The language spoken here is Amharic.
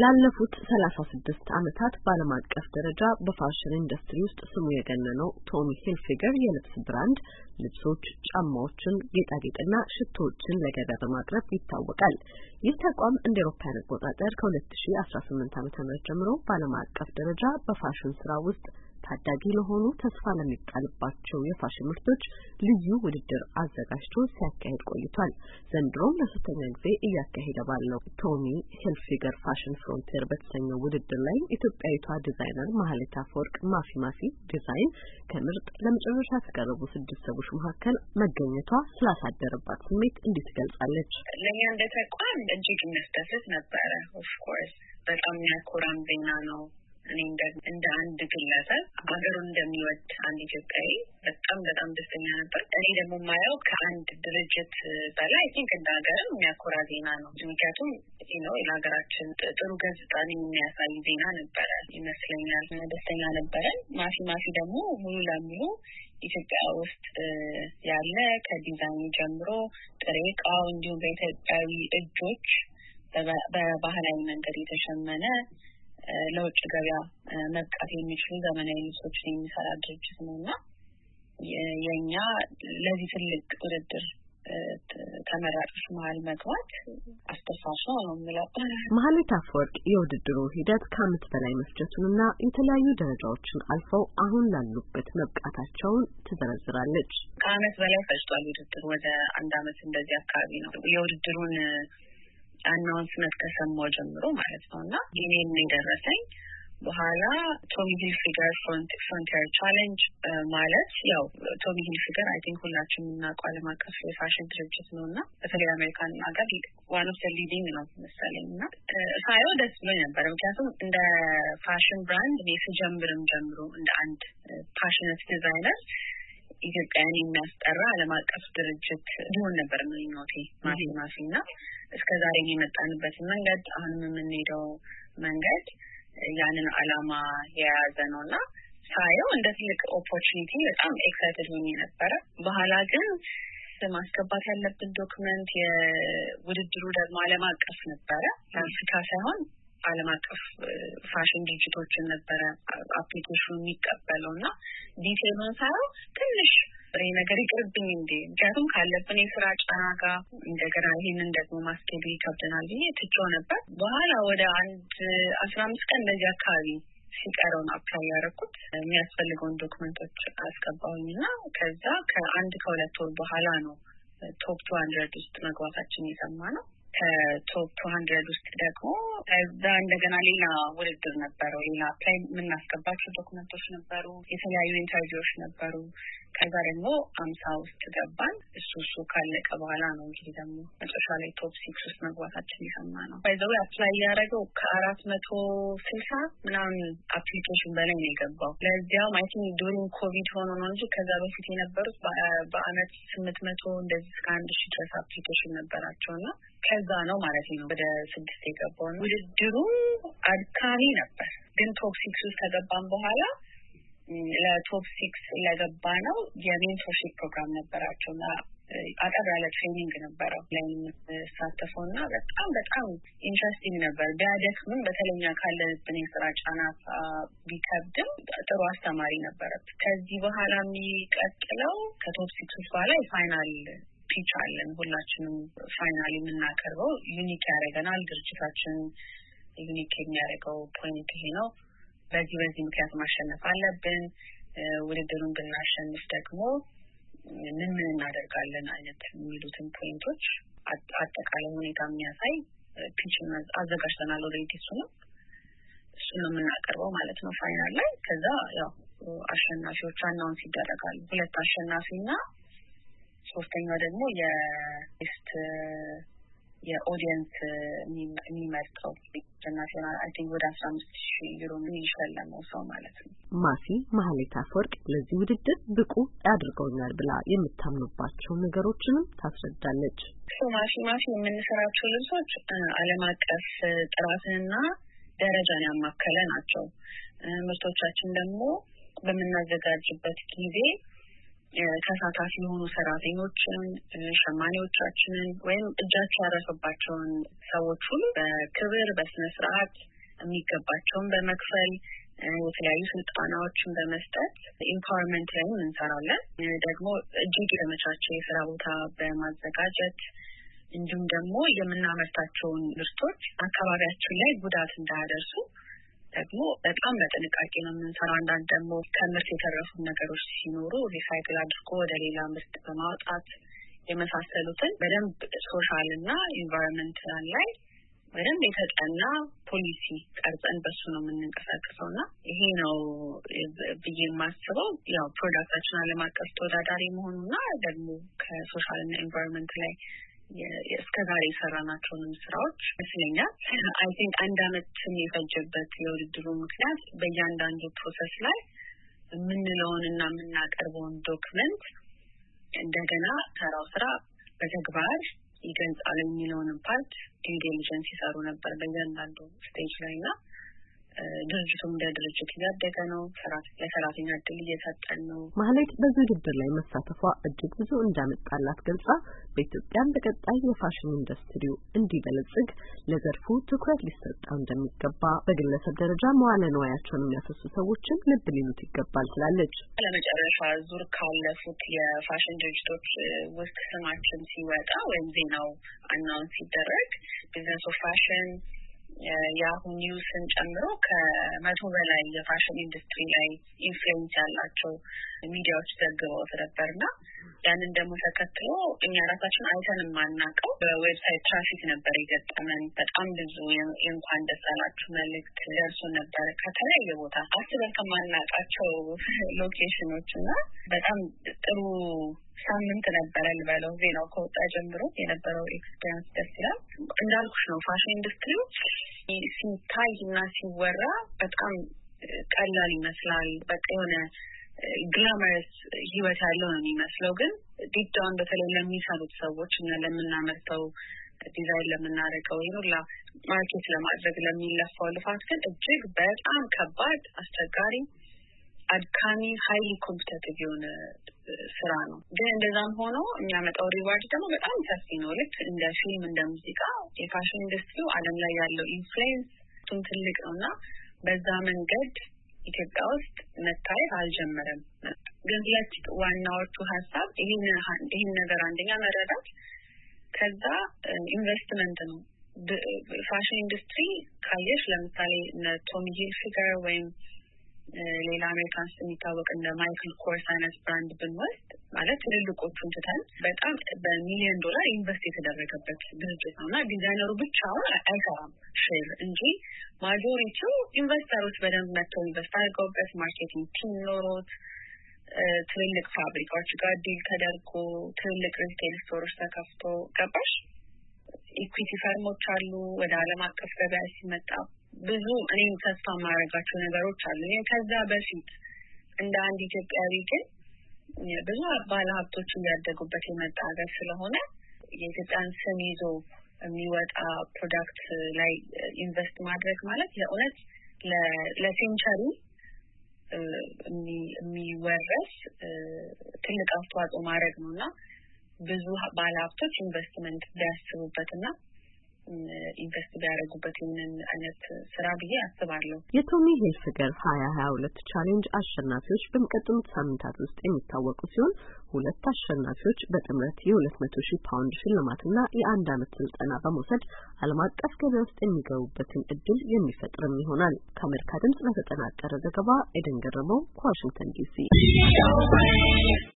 ላለፉት 36 ስድስት ዓመታት በዓለም አቀፍ ደረጃ በፋሽን ኢንዱስትሪ ውስጥ ስሙ የገነነው ቶሚ ሂልፊገር የልብስ ብራንድ ልብሶች፣ ጫማዎችን፣ ጌጣጌጥና ሽቶዎችን ለገበያ በማቅረብ ይታወቃል። ይህ ተቋም እንደ ኤሮፓያን አቆጣጠር ከ2018 ዓ.ም ጀምሮ በዓለም አቀፍ ደረጃ በፋሽን ስራ ውስጥ ታዳጊ ለሆኑ ተስፋ ለሚጣልባቸው የፋሽን ምርቶች ልዩ ውድድር አዘጋጅቶ ሲያካሄድ ቆይቷል። ዘንድሮም ለሶስተኛ ጊዜ እያካሄደ ባለው ቶሚ ሂልፊገር ፋሽን ፍሮንቲር በተሰኘው ውድድር ላይ ኢትዮጵያዊቷ ዲዛይነር ማህሌት አፈወርቅ ማፊ ማፊ ዲዛይን ከምርጥ ለመጨረሻ ከቀረቡ ስድስት ሰዎች መካከል መገኘቷ ስላሳደረባት ስሜት እንዲህ ትገልጻለች። ለእኛ እንደ ተቋም እጅግ የሚያስደስት ነበረ። ኦፍኮርስ በጣም የሚያኮራም ዜና ነው። እኔ እንደ አንድ ግለሰብ ሀገሩን እንደሚወድ አንድ ኢትዮጵያዊ በጣም በጣም ደስተኛ ነበር። እኔ ደግሞ የማየው ከአንድ ድርጅት በላይ ቲንክ እንደ ሀገርም የሚያኮራ ዜና ነው። ምክንያቱም ነው ለሀገራችን ጥሩ ገጽታን የሚያሳይ ዜና ነበረ ይመስለኛል። ደስተኛ ነበረን። ማፊ ማፊ ደግሞ ሙሉ ለሙሉ ኢትዮጵያ ውስጥ ያለ ከዲዛይኑ ጀምሮ ጥሬ እቃው እንዲሁም በኢትዮጵያዊ እጆች በባህላዊ መንገድ የተሸመነ ለውጭ ገበያ መብቃት የሚችሉ ዘመናዊ ልብሶችን የሚሰራ ድርጅት ነው እና የእኛ ለዚህ ትልቅ ውድድር ተመራጮች መሀል መግባት አስደሳች ነው የሚለው መሀሌት አፈወርቅ። የውድድሩ ሂደት ከአመት በላይ እና የተለያዩ ደረጃዎችን አልፈው አሁን ላሉበት መብቃታቸውን ትዘረዝራለች። ከአመት በላይ ፈጅቷል ውድድር ወደ አንድ ዓመት እንደዚህ አካባቢ ነው የውድድሩን አናውንስመንት ከሰማው ጀምሮ ማለት ነው እና ኢሜል የደረሰኝ በኋላ ቶሚ ሂልፊገር ፍሮንቲር ቻሌንጅ ማለት ያው ቶሚ ሂልፊገር ፊገር አይ ቲንክ ሁላችን የምናውቀው አለም አቀፍ የፋሽን ድርጅት ነው እና በተለይ አሜሪካን ሀገር ዋን ኦፍ ሊዲንግ ነው መሰለኝ እና ሳየው ደስ ብሎ ነበር ምክንያቱም እንደ ፋሽን ብራንድ እኔ ስጀምርም ጀምሮ እንደ አንድ ፓሽነት ዲዛይነር ኢትዮጵያን የሚያስጠራ ዓለም አቀፍ ድርጅት ሊሆን ነበር ምኞቴ ማፊ ማፊ እና እስከ ዛሬ የመጣንበትን መንገድ አሁንም የምንሄደው መንገድ ያንን ዓላማ የያዘ ነው እና ሳየው እንደ ትልቅ ኦፖርቹኒቲ በጣም ኤክሳይትድ ሆኜ ነበረ። በኋላ ግን ማስገባት ያለብን ዶክመንት የውድድሩ ደግሞ ዓለም አቀፍ ነበረ ለአፍሪካ ሳይሆን ዓለም አቀፍ ፋሽን ድርጅቶችን ነበረ አፕሊኬሽኑ የሚቀበለው እና ዲቴሉን ሳየው ጥሬ ነገር ይቅርብኝ እንዴ? ምክንያቱም ካለብን የስራ ጫና ጋር እንደገና ይህንን ደግሞ ማስኬዱ ይከብደናል ብዬ ትቼው ነበር። በኋላ ወደ አንድ አስራ አምስት ቀን እንደዚህ አካባቢ ሲቀረውን አፕላይ ያደረኩት የሚያስፈልገውን ዶክመንቶች አስገባሁኝ እና ከዛ ከአንድ ከሁለት ወር በኋላ ነው ቶፕ ቱ ሀንድረድ ውስጥ መግባታችን የሰማ ነው። ከቶፕ ቱ ሀንድረድ ውስጥ ደግሞ ከዛ እንደገና ሌላ ውድድር ነበረው። ሌላ አፕላይ የምናስገባቸው ዶክመንቶች ነበሩ፣ የተለያዩ ኢንተርቪዎች ነበሩ። ከዛ ደግሞ አምሳ ውስጥ ገባን። እሱ እሱ ካለቀ በኋላ ነው እንግዲህ ደግሞ መጨረሻ ላይ ቶፕ ሲክስ ውስጥ መግባታችን የሰማ ነው። ባይዘዌ አፕላይ ያደረገው ከአራት መቶ ስልሳ ምናምን አፕሊኬሽን በላይ ነው የገባው። ለዚያውም አይ ቲንክ ዱሪንግ ኮቪድ ሆኖ ነው እንጂ ከዛ በፊት የነበሩት በአመት ስምንት መቶ እንደዚህ እስከ አንድ ሺ ድረስ አፕሊኬሽን ነበራቸው እና ከዛ ነው ማለት ነው ወደ ስድስት የገባው። ውድድሩ አድካሚ ነበር ግን ቶፕ ሲክስ ውስጥ ከገባን በኋላ ለቶፕ ሲክስ ለገባ ነው የሜንቶርሺፕ ፕሮግራም ነበራቸው እና አጠር ያለ ትሬኒንግ ነበረው ላይ የምሳተፈው እና በጣም በጣም ኢንትረስቲንግ ነበር። ቢያደክምም በተለኛ ካለብን የስራ ጫና ቢከብድም ጥሩ አስተማሪ ነበረ። ከዚህ በኋላ የሚቀጥለው ከቶፕ ሲክሶች በኋላ የፋይናል ፒች አለን። ሁላችንም ፋይናል የምናቀርበው ዩኒክ ያደረገናል ድርጅታችን ዩኒክ የሚያደርገው ፖይንት ይሄ ነው። በዚህ በዚህ ምክንያት ማሸነፍ አለብን፣ ውድድሩን ብናሸንፍ ደግሞ ምን ምን እናደርጋለን አይነት የሚሉትን ፖይንቶች አጠቃላይ ሁኔታ የሚያሳይ ፒችን አዘጋጅተናል። ኦልሬዲ እሱ ነው እሱ ነው የምናቀርበው ማለት ነው ፋይናል ላይ። ከዛ ያው አሸናፊዎች አናውንስ ይደረጋሉ። ሁለት አሸናፊ እና ሶስተኛው ደግሞ የስት የኦዲየንስ የሚመርጠው ኢንተርናሽናል አይ ቲንክ ወደ አስራ አምስት ሺ ዩሮ የሚሸለመው ሰው ማለት ነው። ማሲ ማህሌት አፈወርቅ ለዚህ ውድድር ብቁ ያድርገውኛል ብላ የምታምኑባቸው ነገሮችንም ታስረዳለች። ማሲ ማሲ የምንሰራቸው ልብሶች ዓለም አቀፍ ጥራትንና ደረጃን ያማከለ ናቸው። ምርቶቻችን ደግሞ በምናዘጋጅበት ጊዜ ተሳታፊ የሆኑ ሰራተኞችን፣ ሸማኔዎቻችንን ወይም እጃቸው ያረፈባቸውን ሰዎች ሁሉ በክብር በስነ ስርዓት የሚገባቸውን በመክፈል የተለያዩ ስልጠናዎችን በመስጠት ኢምፓወርመንት ላይም እንሰራለን። ደግሞ እጅግ የተመቻቸ የስራ ቦታ በማዘጋጀት እንዲሁም ደግሞ የምናመርታቸውን ምርቶች አካባቢያችን ላይ ጉዳት እንዳያደርሱ ደግሞ በጣም በጥንቃቄ ነው የምንሰራው። አንዳንድ ደግሞ ከምርት የተረፉ ነገሮች ሲኖሩ ሪሳይክል አድርጎ ወደ ሌላ ምርት በማውጣት የመሳሰሉትን በደንብ ሶሻል እና ኢንቫይሮንመንታል ላይ በደንብ የተጠና ፖሊሲ ቀርጸን በሱ ነው የምንንቀሳቀሰው እና ይሄ ነው ብዬ የማስበው ያው ፕሮዳክታችን ዓለም አቀፍ ተወዳዳሪ መሆኑና ደግሞ ከሶሻል እና ኢንቫይሮንመንት ላይ እስከ ዛሬ የሰራናቸውንም ስራዎች ይመስለኛል። አይ ቲንክ አንድ አመትም የፈጀበት የውድድሩ ምክንያት በእያንዳንዱ ፕሮሰስ ላይ የምንለውን እና የምናቀርበውን ዶክመንት እንደገና ሰራው ስራ በተግባር ይገልጻል የሚለውንም ፓርት ዲው ይሰሩ ነበር በእያንዳንዱ ስቴጅ ላይ ና ድርጅቱ እንደ ድርጅት እያደገ ነው። ለሰራተኛ እድል እየሰጠን ነው። ማህሌት በዚህ ውድድር ላይ መሳተፏ እጅግ ብዙ እንዳመጣላት ገልጻ በኢትዮጵያም በቀጣይ የፋሽን ኢንዱስትሪው እንዲበለጽግ ለዘርፉ ትኩረት ሊሰጠው እንደሚገባ፣ በግለሰብ ደረጃ መዋለ ንዋያቸውን የሚያፈሱ ሰዎችም ልብ ሊሉት ይገባል ትላለች። ለመጨረሻ ዙር ካለፉት የፋሽን ድርጅቶች ውስጥ ስማችን ሲወጣ ወይም ዜናው አናውንስ ሲደረግ ቢዝነስ ኦፍ ፋሽን የአሁ ኒውስን ጨምሮ ከመቶ በላይ የፋሽን ኢንዱስትሪ ላይ ኢንፍሉዌንስ ያላቸው ሚዲያዎች ዘግበውት ነበርና ያንን ደግሞ ተከትሎ እኛ ራሳችን አይተን የማናውቀው በዌብሳይት ትራፊክ ነበር የገጠመን። በጣም ብዙ የእንኳን ደስ አላችሁ መልእክት ደርሶ ነበረ ከተለያየ ቦታ አስበን ከማናውቃቸው ሎኬሽኖች እና በጣም ጥሩ ሳምንት ነበረ ልበለው። ዜናው ከወጣ ጀምሮ የነበረው ኤክስፔሪንስ ደስ ይላል። እንዳልኩሽ ነው ፋሽን ኢንዱስትሪዎች ሲታይ እና ሲወራ በጣም ቀላል ይመስላል። በቃ የሆነ ግላመረስ ህይወት ያለው ነው የሚመስለው። ግን ዲዳውን በተለይ ለሚሰሩት ሰዎች እና ለምናመርተው ዲዛይን ለምናደርገው ይሁላ ማርኬት ለማድረግ ለሚለፋው ልፋት ግን እጅግ በጣም ከባድ፣ አስቸጋሪ፣ አድካሚ ሀይሊ ኮምፒተቲቭ የሆነ ስራ ነው። ግን እንደዛም ሆኖ የሚያመጣው ሪዋርድ ደግሞ በጣም ሰፊ ነው። ልክ እንደ ፊልም፣ እንደ ሙዚቃ የፋሽን ኢንዱስትሪው ዓለም ላይ ያለው ኢንፍሉዌንስ እሱም ትልቅ ነው እና በዛ መንገድ ኢትዮጵያ ውስጥ መታየት አልጀመረም። ግን ሁለት ዋናዎቹ ሀሳብ ይህን ነገር አንደኛ መረዳት፣ ከዛ ኢንቨስትመንት ነው። ፋሽን ኢንዱስትሪ ካየሽ ለምሳሌ ቶሚ ሂልፊገር ወይም ሌላ አሜሪካ ውስጥ የሚታወቅ እንደ ማይክል ኮርስ አይነት ብራንድ ብንወስድ ማለት ትልልቆቹን ትተን በጣም በሚሊዮን ዶላር ኢንቨስት የተደረገበት ድርጅት ነው እና ዲዛይነሩ ብቻውን አይሰራም ሼር እንጂ ማጆሪቲው ኢንቨስተሮች በደንብ መጥተው ኢንቨስት አድርገውበት ማርኬቲንግ ቲም ኖሮት ትልልቅ ፋብሪካዎች ጋር ዲል ተደርጎ ትልልቅ ሪቴል ስቶሮች ተከፍቶ ገባሽ ኢኩዊቲ ፈርሞች አሉ ወደ አለም አቀፍ ገበያ ሲመጣ ብዙ እኔም ተስፋ የማያደርጋቸው ነገሮች አሉ። ከዛ በፊት እንደ አንድ ኢትዮጵያዊ ግን ብዙ ባለ ሀብቶች እያደጉበት የመጣ ሀገር ስለሆነ የኢትዮጵያን ስም ይዞ የሚወጣ ፕሮዳክት ላይ ኢንቨስት ማድረግ ማለት የእውነት ለሴንቸሪ የሚወረስ ትልቅ አስተዋጽኦ ማድረግ ነው እና ብዙ ባለ ሀብቶች ኢንቨስትመንት ሊያስቡበት እና ኢንቨስት ቢያደርጉበት ይህንን አይነት ስራ ብዬ አስባለሁ። የቶሚ ሄልፍገር ሀያ ሀያ ሁለት ቻሌንጅ አሸናፊዎች በሚቀጥሉት ሳምንታት ውስጥ የሚታወቁ ሲሆን ሁለት አሸናፊዎች በጥምረት የሁለት መቶ ሺህ ፓውንድ ሽልማትና የአንድ አመት ስልጠና በመውሰድ ዓለም አቀፍ ገበያ ውስጥ የሚገቡበትን እድል የሚፈጥርም ይሆናል። ከአሜሪካ ድምጽ በተጠናቀረ ዘገባ ኤደን ገረመው ከዋሽንግተን ዲሲ